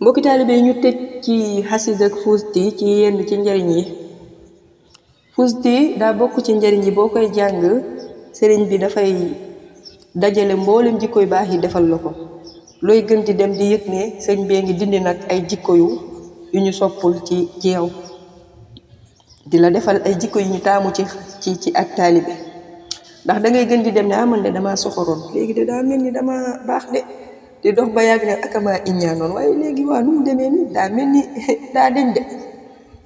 mbokki taalibe yi ñu tëj ci xasida ak fuusti ci yenn ci njariñ yi fuusti daa bokk ci njariñ yi boo koy jàng sëriñ bi dafay dajale mboolem jikko yu baax yi defal la ko looy gën di dem di yëg ne sëñ bee ngi dindi nag ay jikko yu ñu soppul ci ci yow di la defal ay jikko yu ñu taamu ci ci ci ak taalibe ndax da ngay gën di dem ne ah man de damaa soxoroon léegi de daa mel ni damaa baax de te dox ba yàgg ne akama iññaa noonu waaye léegi waa nu mu demee nii daa mel ni daa dem de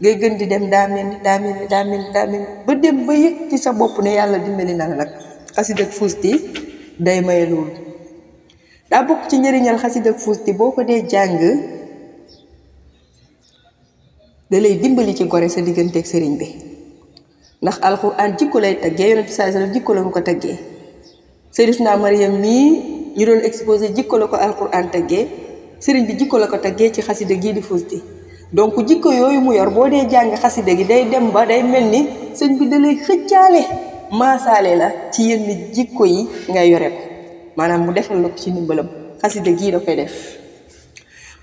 ngay gën di dem daa mel ni daa mel ni daa mel ni daa mel ni ba dem ba yëg ci sa bopp ne yàlla dimbali na la nag xasida ak fuusti day maye loolu daa bokk ci njëriñal xasida ak fuusti boo ko dee jàng da lay dimbali ci gore sa diggante ak sëriñ bi ndax alxuraan jikko lay taggee yonent sallallahu alayhi wasallam jikko la ko taggee sëriñ naa Mariam mii ñu doon exposé jikko la ko alquran taggee sëriñ bi jikko la ko taggee ci xasida gii di fuusti donc jikko yooyu mu yor boo dee jàng xasida gi day dem ba day mel ni sëñ bi da lay xëccaale la ci yenn jikko yi ngay yore maanaam mu defal la ko ci ndimbalam xasida gii da koy def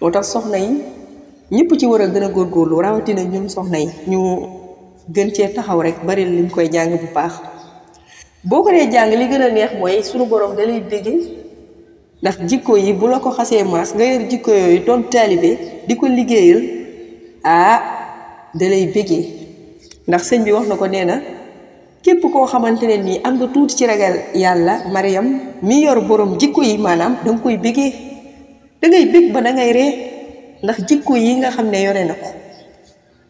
moo tax soxna yi ñëpp ci war a gën a góor góorlu rawatina ñun soxna yi ñu gën cee taxaw rek bari liñ koy jàng bu baax boo ko dee jàng li gën a neex mooy sunu borom da lay béggee ndax jikko yi bu la ko xasee maas nga yor jikko yooyu doon taalibe di ko liggéeyal ah da lay ndax sëñ bi wax na ko nee na képp koo xamante ne nii am nga tuuti ci ragal yàlla Mariam mi yor borom jikko yi maanaam danga koy bëggee dangay bëgg ba dangay ree ndax jikko yi nga xam ne yore na ko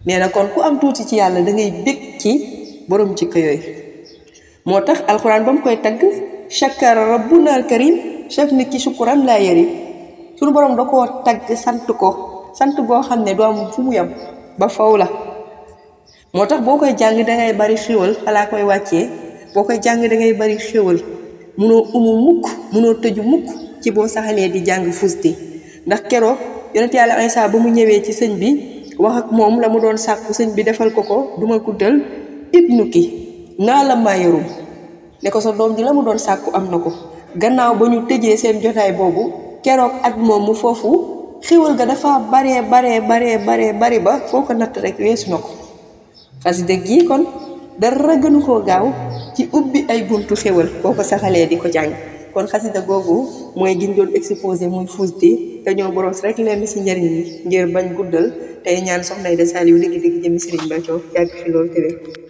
nee na kon ku am tuuti ci yàlla dangay bëgg ci borom jikko yooyu moo tax alxuraan ba mu koy tagg shakara rabbuna al karim chef ni ki sukuran la yeri. sunu borom dako tag sant ko sant go xamne do am fu mu yam ba faw la motax bokay jang da ngay bari xewal ala koy wacce bokay jang da ngay bari xewal muno umu muk muno teju muk ci bo saxale di jang fusti ndax kero yonent yàlla insa bu mu ñewé ci señ bi wax ak mom la mu doon sàkku señ bi defal ko ko duma ko del ibnuki na la mayru ne ko sa dom ji la mu doon am gannaaw ba ñu tëjee seen jotaay boobu keroog at moom mu foofu xéwal ga dafa baree baree baree baree bari ba foo ko natt rek weesu na ko xasida gi kon dara gënu koo gaaw ci ubbi ay buntu xéwal boo ko saxalee di ko jàng kon xasida googu mooy gin doon exposé muy fuusti te ñoo boros rek leen ci njëriñ yi ngir bañ guddal tey ñaan soxna Aida Saliou dëgg-dëgg jëmi ba Bacco yàgg fi loolu tëwee